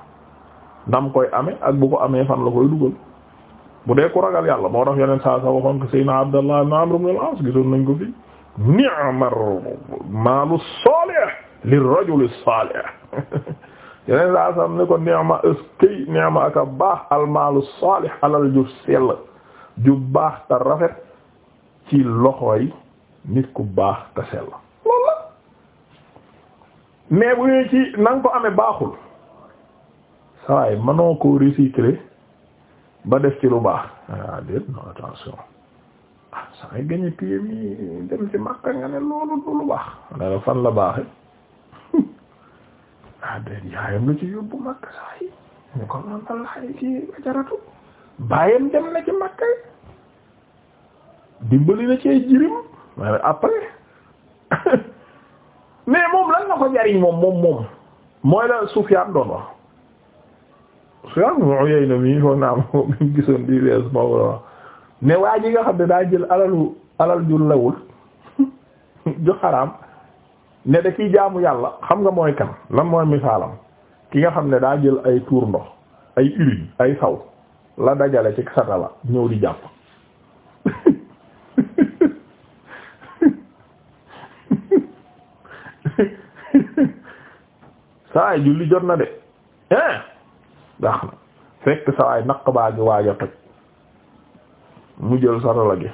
nam koy ame ak bu ko amee fan la koy dugal bu dee ku ragal yàlla moo tax yeneen saa sa waxoon ko Seydina Abdallah ibn Amr ibn al-As gisoon nañ ko fi ni'mar maalu salih lirajuli salih ko ni'ma eskay ni'ma aka baax al maalu alal ju sell ju baax te rafet ci loxo nit ku baax te sell loolu la bu ñuy ci na ko amee baaxul sawaay mënoo koo recycler ba def ci lu baax ah déet attention ah yi gagné pied mi dem ci Makka nga ne loolu du lu baax ne fan la baax ah déet yaayam la ci yóbbu Makka saa ñu ko noon fan laay ci ajaratu baayam dem na ci Makka dimbali na ci ay jirim après mais moom lan na ko jariñ moom moom moom mooy la Sufyaan doon wax Sufyaan moo yoy na mii gisoon di wees moom la waa ji nga xam ne daa jël alalu alal ju lewul ju xaraam ne da kiy jaamu yàlla xam nga mooy kan lan mooy misaalam ki nga xam ne daa jël ay tuur ndox ay urine ay saw la dajale ci satala ñëw di jàpp sawaay julli jot na de eh baax na fekk sawaay naq baa gi waaj a toj mu jël satala gi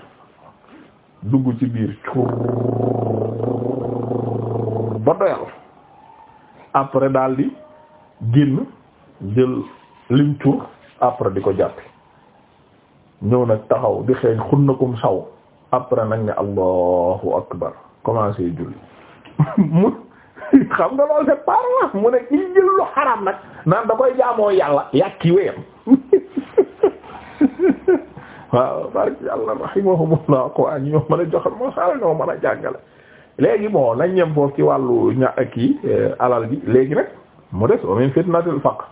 dugg ci biir cuur ba doyal après daal di génn jël lim cuur après di ko jàppi ñëw nag taxaw di xeeñ xunnakum saw après nag ne allahu akbar commencé julli mu xam nga loolu c'est par mu ne il lu xaraam nag naan da koy jaamoo yàlla yàkki weyam waaw barke yàlla rahimahumullah ko añ ñoo mën a joxal masal ñoo mën a jàngale léegi bon nañ ñem foofu ci wàllu ña ak yi euh, alal bi léegi nag mu des wa min fitnatil faqr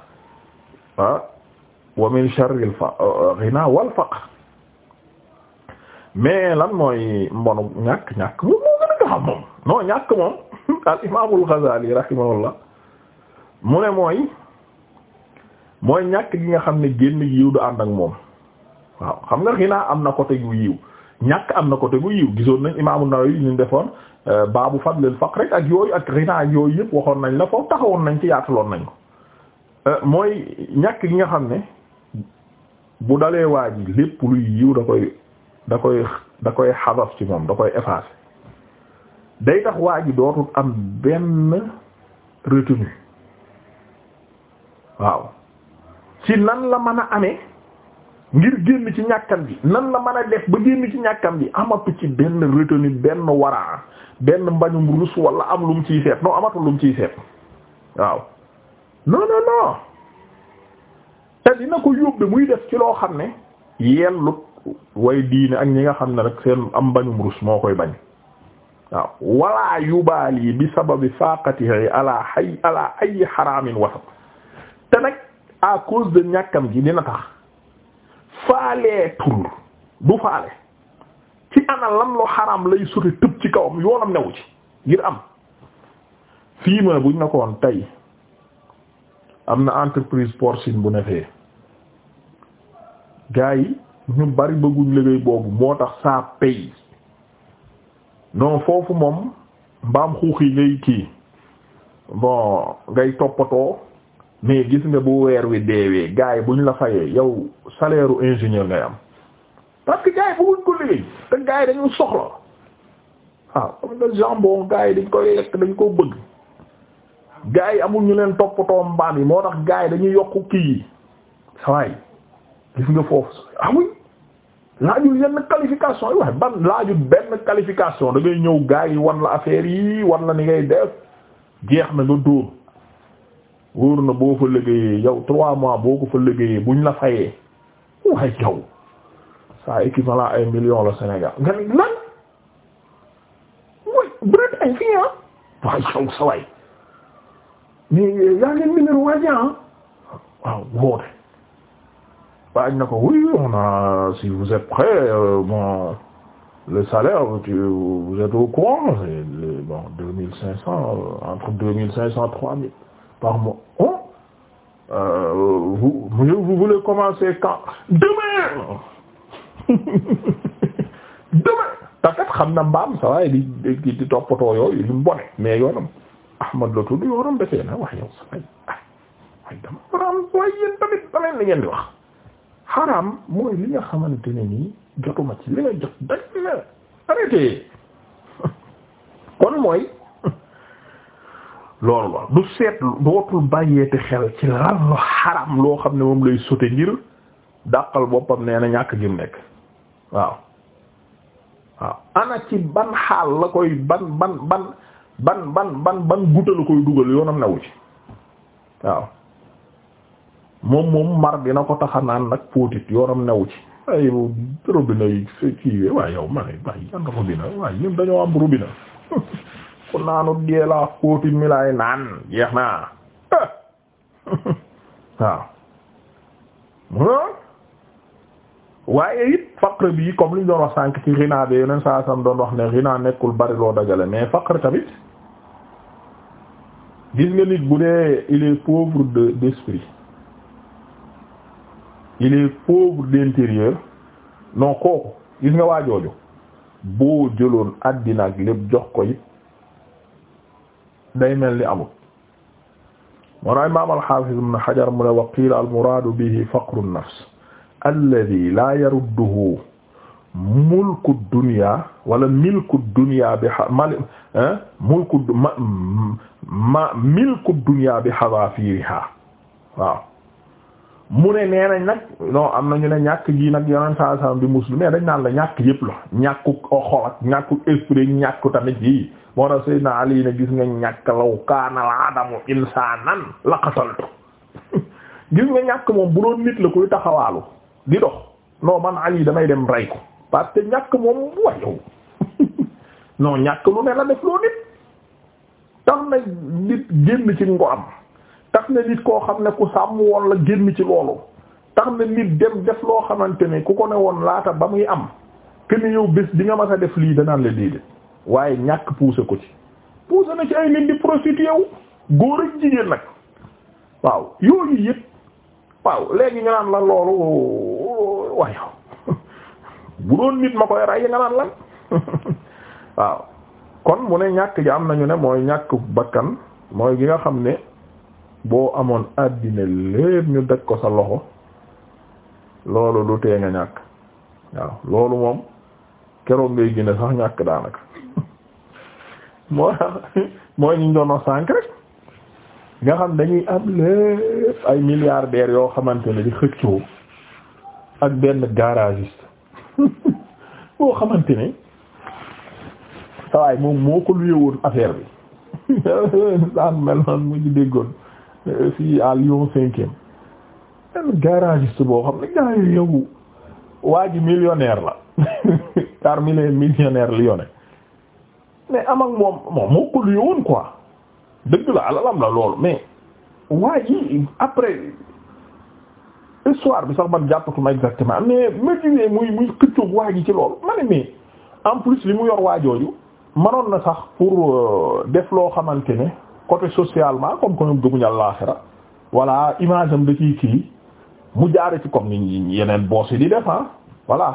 ah min sharril euh, ghina wal faqr mais lan mooy mbonu ñàkk ñàkk moom moo gën a xam moom non ñàkk moom al imaamul Ghazali rahimahullah mu ne mooy mooy ñàkk gi nga xam ne génn yiw du ànd ak moom waaw xam nga xinaa am na côté gu yiw ñàkk am na côté gu yiw gisoon nañ imaamu Nawawi ñu defoon euh, baabu fadlil faqr rek ak yooyu ak xinaa yooyu yëpp waxoon nañ la foofu taxawoon nañ ci yaataloon nañ ko euh, mooy ñàkk gi nga xam ne bu dalee waa ji lépp luy yiw da koy da koy da ci moom da koy effacer day tax waa ji dootul am benn retenue waaw si nan la mën a ame ngir génn ci ñàkkam bi nan la mën a def ba génn ci ñàkkam bi amatu ci benn retenue benn waraa benn mbañum rus wala am lum mu ciy seet non amatu lu mu ciy seet waaw non non non te dina ko yóbbe muy def ci loo xam ne yellut way diine ak ñi nga xam ne rek seen am mbañum rus moo koy bañ waaw wala yi bi sababi faqatihi ala hay ay xaraamin wasat te nag à cause de ñàkkam gi dina tax faaleetul du faale ci ana lam lu xaraam lay suti tëb ci kawam yoonam newu ci ngir am fii ma buñ na ko woon tey am na entreprise porcine bu nefee gars yi ñu bari bëgguñ liggéey boobu moo tax ça paye non foofu moom mbaam xuux yi ngay kii bon ngay toppatoo mais gis nga bu weer wi deewee gars yi bu ñu la fayee yow saleeru ingénieur ngay am parce que gars yi bëgguñ ko liggéey te gars dañu soxla waaw am na jambon gars dañ koy lekk dañ ko bëgg gars yi amul ñu leen toppatoo mbaam yi moo tax gars yi dañuy yokk kii yi sawaay gis nga foofu amuñ laajul yenn qualification yi wax ban laajul benn qualification da ñëw gaa yi wan la affaire yi wan la ni ngay def jeex na nga dóor wóor na boo fa liggéeyee yow trois mois boo ko fa liggéeyee buñ la fayee waaye yow ça équivalent ay millions la Sénégal nga ni lan mooy Bretagne fii ah waaye yow sa waay yaa ngeen numéro waa ah. ji waaw woote bañ na ko oui on a si vous êtes prêt euh, bon le salaire vous êtes au courant c'est bon deux mille cinq cents euh, entre deux mille cinq cents trois mille par mois oh euh, vous vous voulez commencer quand demain demain takat xam na mbaam sa waaye di di toppatoo yooyu li mu bone mais yoonam Ahmad la tudd yoonam defee na wax yow sa ay ay ah, dama war a am waaye yéen tamit tamit li ngeen di wax xaram mooy li nga xamante ni nii jotuma ci li nga jot daj la arrêté kon mooy loolu la du seet dootul bàyyeete xel ci lan la xaraam loo xam ne moom lay sote ngir dàqal boppam nee na ñàkk gi nekk waaw waaw ana ci ban xaal la koy ban ban ban ban ban ban ban guta la koy dugal yoonam newu ci waaw moom moom mar dina ko tax naan nag póotit yoonam newu ci ay robinet yi kiiwee waaye yow ma ne waaye yan robinet waaye naan jeex naa waaw waaye it faqr bi comme li ñu doon wax sànk ci rinaa bi yeneen saa sam doon wax ne rinaa nekkul bari loo dajale mais faqr tamit gis nga nit bu dee il pauvre de d'esprit il est pauvre d'intérieur non kooku gis nga waa jooju boo jëloon àddina ak lépp jox ko it day mel ni amul moo naa imaam al-Hafiz ibn Hajar mu ne wa qiila al-muraadu bihi faqru an-nafs alladhi la yarudduhu mulku dunya wala milku dunya bi a eh, mulku ma milku dunya bi xadaafiriha waaw mu ne nee nañ nag non am na ñu ne ñàkk gi nag yeneen saa saa bi muslim mais dañ naan la ñàkk yépp la ñàkkuk xol ak ñàkkuk esprit ñàkku tamit yi moo tax Seydina Ali ne gis nga ñàkk law kaana al-adamu insaanan la qataltu gis nga ñàkk moom bu doon nit la koy taxawaalu di dox non man Ali damay dem rey ko parce que ñàkk moom wayow non ñàkk lu ne la def loo nit tam na nit génn ci ngo gis na nit koo xam ne ku sàmm woon la génn ci loolu tax na nit dem def loo xamante ne ku ko ne woon laata ba muy am que yow bés di nga mas a def lii danaan la déedéet waaye ñàkk poussé ko ci poussé na ci ay nit di prostitué góor ak jigéen nag waaw yooyu yëpp waaw léegi nga naan la loolu waaye bu doon nit ma koy rey nga naan lan waaw kon mu ne ñàkk gi am nañu ne mooy ñàkk bakkan mooy gi nga xam ne boo amoon àddina lépp ñu daj ko sa loxo loolu du tee nga ñàkk waaw loolu moom keroog ngay gën sax ñàkk daanaka moo tax mooy ñu doon sànk rek nga xam dañuy am lépp ay milliardaires yoo xamante ne di xëccoo ak benn garagiste boo xamante ne waaye moom moo ko luyewoon affaire bi daan mel noonu mu ci déggoon Euh, fii à Lyon cinquième benn garagiste boo xam ne gars yow waa ji millionnaire la parmi les millionnaires lyonnais mais am ak moom moom moo ko woon quoi dëgg la alalam la loolu mais waa ji après histoire bi sax man jàppatuma exactement mais ma gisee muy muy këccoog waa ji ci loolu ma ne mais en plus li mu yor waajooju manoon na sax pour euh, def loo xamante ne côté socialement comme ko ñoom gëmuñu àllaaxira voilà image am da ciy kii mu jaare ci comme ni yeneen boss yi di def ah voilà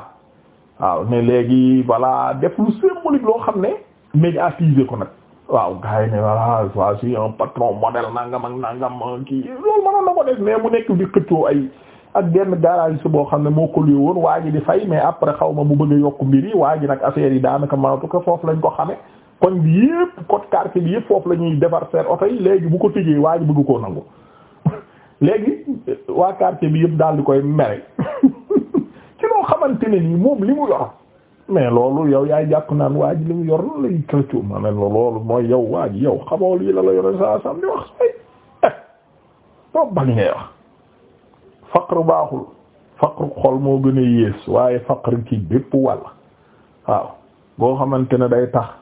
waaw ne léegi voilà def lu symbolique loo xam ne médiatiser ko nag waaw gars yi ne voilà voici un patron modèle nangam kii loolu mënoon na ko def mais mu nekk di xëccoo ay ak benn garage boo xam ne moo ko luy woon waa ji di fay mais après xaw ma mu bëgg a yokk mbir yi waa ji nag affaire yi daanaka mënatu ko foofu lañ ko xame koñ bi yépp côté quartier bi yépp foofu la defar seen oto yi léegi bu ko tëjee waa bëgg ko nangu léegi waa quartier bi yépp daal di koy mere ci loo xamante ne moom li mu yor mais loolu yow yaay jàpp naan waa ji li yor la yow waa yow xamoo lii la la yore saa sam di wax say eh boobu eh, ngay wax faqr baaxul faqr xol moo gën a yées waaye faqr ci bépp wàll waaw boo xamante ne day tax.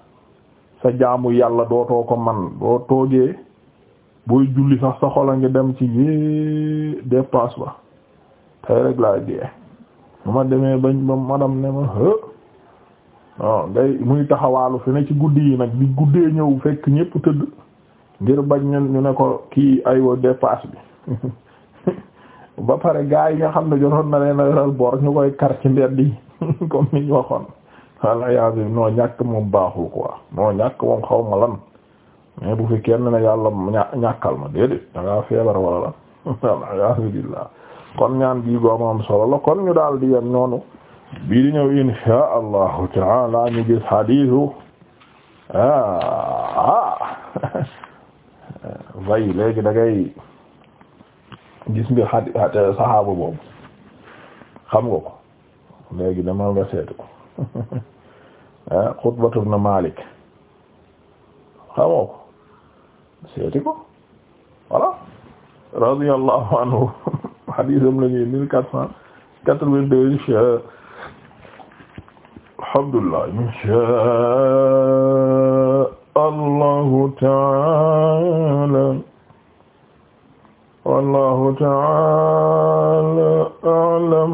sa jaamu yàlla dootoo ko man boo toogee booy julli sax sa xol a ngi dem ci yée dépense ba tey rek laa jiyee bu ma demee bañ ba madam ne ma hë waaw ngay muy taxawaalu fi ne ci guddi yi nag bi guddee ñëw fekk ñépp tëdd ngir bañ ñu ne ko kii aywa dépense bi ba pare gaa yi nga xam ne jotoon na leen a yoral bor ñu koy kar ci mbedd yi comme ni ñu waxoon walla yaa bi noo ñàkk moom baaxul quoi noo ñàkk moom xaw ma lan mais bu fi kenn ne yàlla ñàkkal ma déedéet da feebar wala lan walla yaa billah kon ñaan gi gooma am solo la kon ñu daal di yem noonu bii di ñëw insha allahu taala ñu gis hadiisu ah way léegi da ngay gis nga xadi saxaaba boobu xam nga ko léegi dama nga seetu ko ah Xutbatu ibn Malik xamoo ko seeti ko voilà radiyallahu anhu hadisam la ñuy mille quatre cent quatre-vingt-deux insha alhamdulillah insha Allahu ta'ala wallahu ta'ala a'lam